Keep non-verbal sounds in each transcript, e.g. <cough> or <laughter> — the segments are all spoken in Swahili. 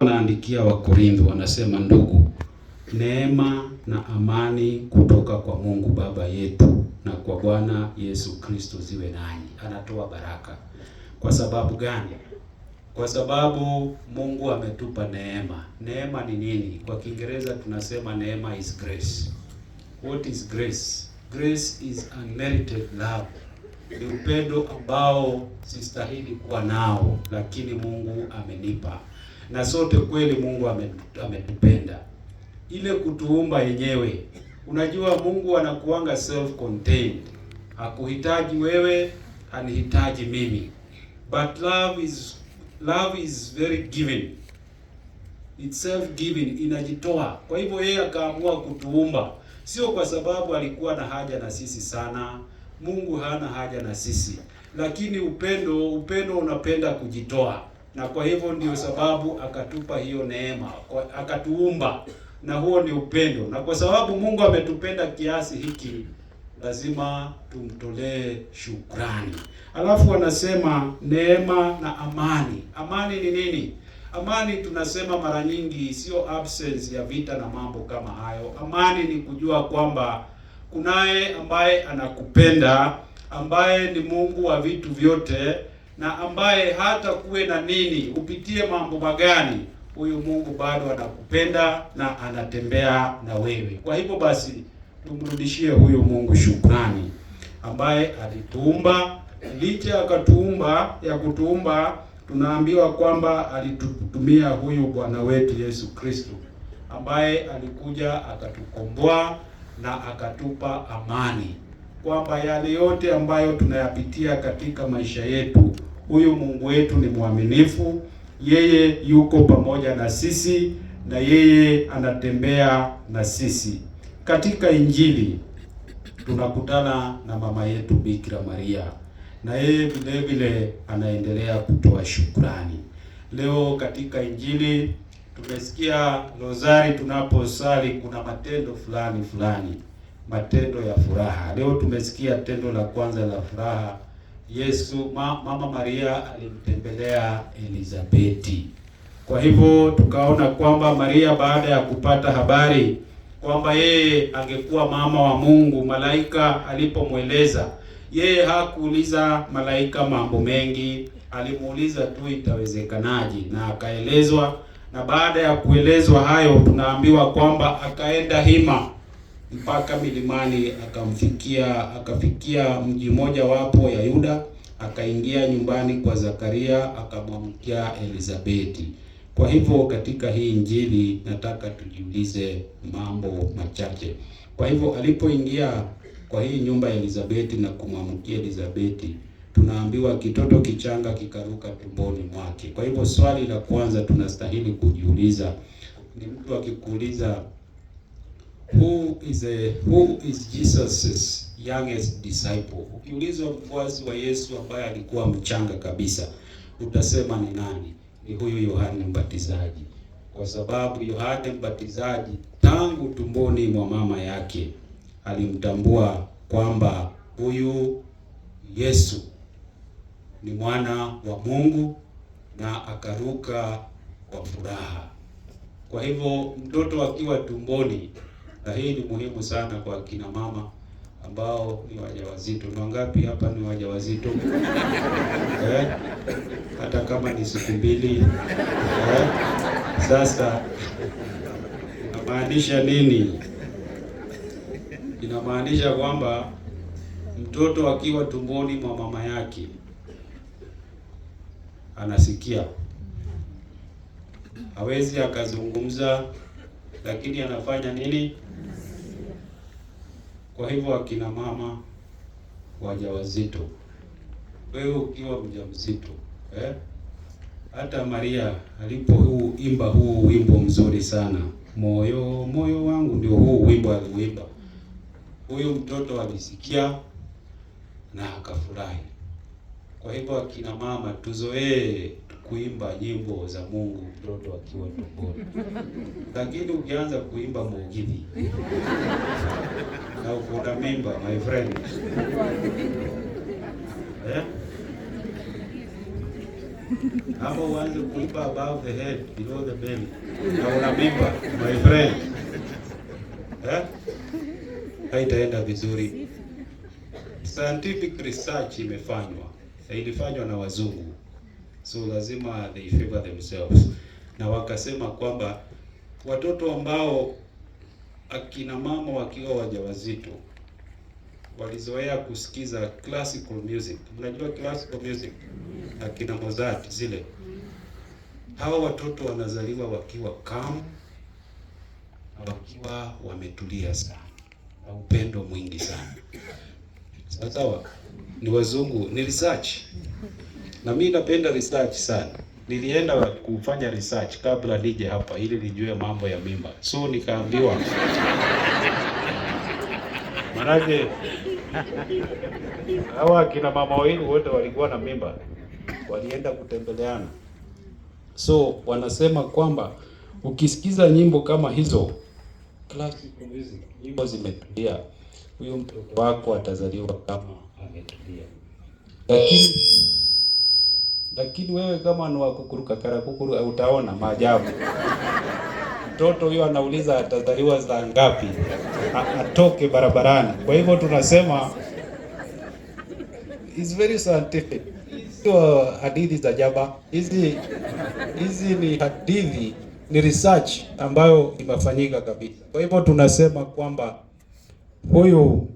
Wanaandikia Wakorintho wanasema, ndugu, neema na amani kutoka kwa Mungu Baba yetu na kwa Bwana Yesu Kristo ziwe nanyi. Anatoa baraka. Kwa sababu gani? Kwa sababu Mungu ametupa neema. Neema ni nini? Kwa Kiingereza tunasema neema is grace. What is grace? Grace is unmerited love. Ni upendo ambao sistahili kuwa nao, lakini Mungu amenipa na sote kweli Mungu ametupenda. Ile kutuumba yenyewe, unajua Mungu anakuanga self contained, hakuhitaji wewe, anihitaji mimi, but love is love is very giving, it's self giving, inajitoa. Kwa hivyo yeye akaamua kutuumba, sio kwa sababu alikuwa na haja na sisi sana. Mungu hana haja na sisi, lakini upendo, upendo unapenda kujitoa na kwa hivyo ndio sababu akatupa hiyo neema, akatuumba, na huo ni upendo. Na kwa sababu Mungu ametupenda kiasi hiki, lazima tumtolee shukrani. Alafu anasema neema na amani. Amani ni nini? Amani tunasema mara nyingi sio absence ya vita na mambo kama hayo. Amani ni kujua kwamba kunaye ambaye anakupenda, ambaye ni Mungu wa vitu vyote na ambaye hata kuwe na nini, upitie mambo magani, huyu Mungu bado anakupenda na anatembea na wewe. Kwa hivyo basi, tumrudishie huyu Mungu shukrani, ambaye alituumba licha akatuumba ya kutuumba, tunaambiwa kwamba alitutumia huyu Bwana wetu Yesu Kristo, ambaye alikuja akatukomboa na akatupa amani kwamba yale yote ambayo tunayapitia katika maisha yetu, huyu Mungu wetu ni mwaminifu, yeye yuko pamoja na sisi na yeye anatembea na sisi. Katika Injili tunakutana na mama yetu Bikira Maria, na yeye vile vile anaendelea kutoa shukrani. Leo katika Injili tumesikia, rozari tunaposali kuna matendo fulani fulani matendo ya furaha. Leo tumesikia tendo la kwanza la furaha. Yesu ma, mama Maria alimtembelea Elizabeti. Kwa hivyo tukaona kwamba Maria baada ya kupata habari kwamba yeye angekuwa mama wa Mungu, malaika alipomweleza yeye hakuuliza malaika mambo mengi, alimuuliza tu itawezekanaje, na akaelezwa. Na baada ya kuelezwa hayo, tunaambiwa kwamba akaenda hima mpaka milimani, akamfikia akafikia mji mmoja wapo ya Yuda, akaingia nyumbani kwa Zakaria, akamwamkia Elizabeti. Kwa hivyo katika hii Injili nataka tujiulize mambo machache. Kwa hivyo alipoingia kwa hii nyumba ya Elizabeti na kumwamkia Elizabeti, tunaambiwa kitoto kichanga kikaruka tumboni mwake. Kwa hivyo swali la kwanza tunastahili kujiuliza ni mtu akikuuliza who is a, who is Jesus's youngest disciple? Ukiulizwa mfuasi wa Yesu ambaye alikuwa mchanga kabisa, utasema ni nani? Ni huyu Yohane Mbatizaji, kwa sababu Yohane Mbatizaji tangu tumboni mwa mama yake alimtambua kwamba huyu Yesu ni mwana wa Mungu na akaruka kwa furaha. Kwa hivyo mtoto akiwa tumboni na hii ni muhimu sana kwa kina mama ambao ni wajawazito. Ni wangapi hapa ni wajawazito? <laughs> Eh, hata kama ni siku mbili eh. Sasa inamaanisha nini? Inamaanisha kwamba mtoto akiwa tumboni mwa mama yake anasikia, hawezi akazungumza, lakini anafanya nini? Kwa hivyo akina mama wajawazito, wewe ukiwa mjamzito eh? Hata Maria alipo huu imba huu wimbo mzuri sana, moyo moyo wangu, ndio huu wimbo aliuimba huyu mtoto alisikia na akafurahi. Kwa hivyo akina mama tuzoee kuimba nyimbo za Mungu mtoto akiwa tumboni, lakini ukianza kuimba mugithi na ukuna mimba my friend eh? Ama uanze kuimba above the head below the belly na una mimba my friend eh? Haitaenda vizuri. Scientific research imefanywa, ilifanywa na wazungu so lazima they favor themselves. Na wakasema kwamba watoto ambao akina mama wakiwa wajawazito walizoea kusikiza classical music. Mnajua classical music, akina Mozart zile, hawa watoto wanazaliwa wakiwa calm na wakiwa wametulia sana na upendo mwingi sana sawa sawa. Ni wazungu, ni research na mimi napenda research sana. Nilienda kufanya research kabla nije hapa ili nijue mambo ya mimba, so nikaambiwa manake hawa kina mama wawili wote walikuwa na mimba, walienda kutembeleana. So wanasema kwamba ukisikiza nyimbo kama hizo classic music, nyimbo zimetulia, huyu mtoto wako atazaliwa kama ametulia, lakini lakini wewe kama ni wa kukuruka kukuru eh, utaona maajabu. Mtoto huyo anauliza atazaliwa za ngapi, atoke barabarani. Kwa hivyo tunasema is very scientific. Hizo hadithi za jaba hizi, hizi ni hadithi, ni research ambayo imefanyika kabisa. Kwa hivyo tunasema kwamba huyu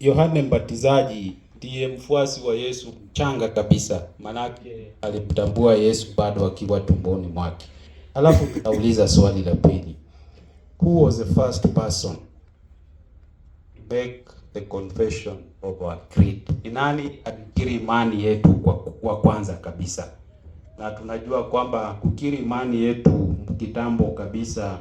Yohane Mbatizaji ndiye mfuasi wa Yesu mchanga kabisa, manake alimtambua Yesu bado akiwa tumboni mwake. Alafu nauliza swali la pili, who was the first person to make the confession of our creed? Ni nani alikiri imani yetu kwa, kwa kwanza kabisa? Na tunajua kwamba kukiri imani yetu kitambo kabisa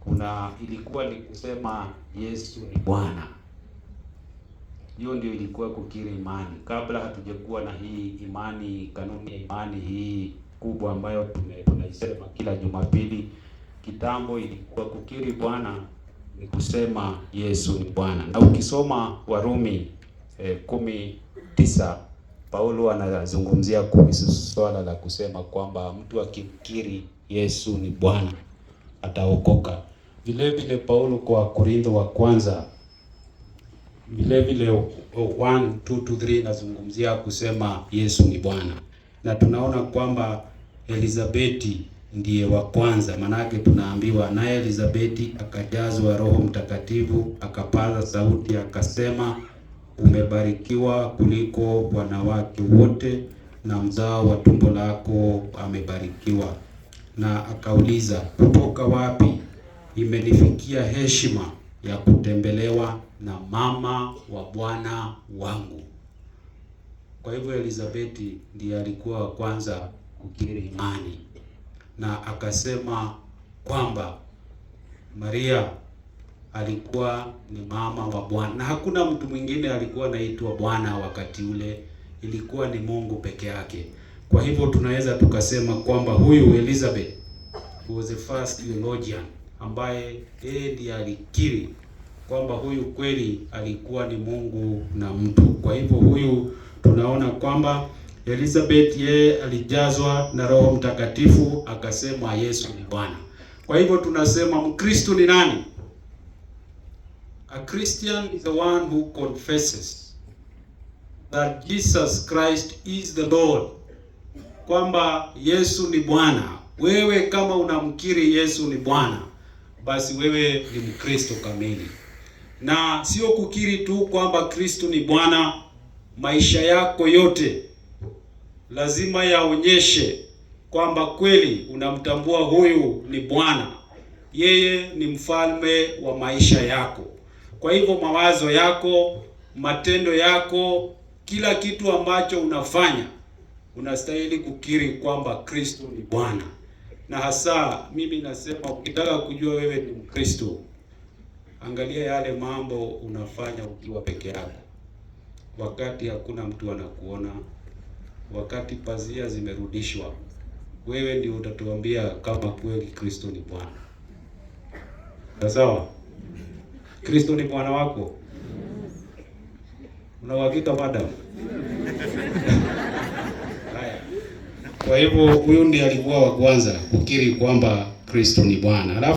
kuna ilikuwa ni kusema Yesu ni Bwana. Hiyo ndio ilikuwa kukiri imani, kabla hatujakuwa na hii imani, kanuni ya imani hii kubwa ambayo tunaisema kila Jumapili. Kitambo ilikuwa kukiri Bwana ni kusema Yesu ni Bwana, na ukisoma Warumi eh, kumi tisa Paulo anazungumzia kuhusu swala la kusema kwamba mtu akimkiri Yesu ni Bwana ataokoka. Vile vile Paulo kwa Korintho wa kwanza vile vile 1 2 3 inazungumzia kusema Yesu ni Bwana, na tunaona kwamba Elizabeti ndiye wa kwanza, manake tunaambiwa naye Elizabeti akajazwa Roho Mtakatifu, akapaza sauti akasema, umebarikiwa kuliko wanawake wote na mzao wa tumbo lako amebarikiwa. Na akauliza kutoka wapi imenifikia heshima ya kutembelewa na mama wa Bwana wangu. Kwa hivyo Elizabeti ndiye alikuwa wa kwanza kukiri imani na akasema kwamba Maria alikuwa ni mama wa Bwana, na hakuna mtu mwingine alikuwa anaitwa Bwana wakati ule, ilikuwa ni Mungu peke yake. Kwa hivyo tunaweza tukasema kwamba huyu Elizabeth was the first theologian ambaye yeye ndiye alikiri kwamba huyu kweli alikuwa ni Mungu na mtu. Kwa hivyo huyu tunaona kwamba Elizabeth yeye alijazwa na Roho Mtakatifu akasema Yesu ni Bwana. Kwa hivyo tunasema Mkristo ni nani? A Christian is the one who confesses that Jesus Christ is the Lord. Kwamba Yesu ni Bwana. Wewe kama unamkiri Yesu ni Bwana, basi wewe ni Mkristo kamili na sio kukiri tu kwamba Kristo ni Bwana. Maisha yako yote lazima yaonyeshe kwamba kweli unamtambua huyu ni Bwana, yeye ni mfalme wa maisha yako. Kwa hivyo mawazo yako, matendo yako, kila kitu ambacho unafanya unastahili kukiri kwamba Kristo ni Bwana. Na hasa mimi nasema ukitaka kujua wewe ni Mkristo Angalia yale mambo unafanya ukiwa peke yako, wakati hakuna mtu anakuona, wakati pazia zimerudishwa. Wewe ndio utatuambia kama kweli Kristo ni Bwana. Sawa, Kristo ni Bwana wako. Una madam? kwa hivyo huyu ndiye alikuwa wa kwanza kukiri kwamba Kristo ni Bwana.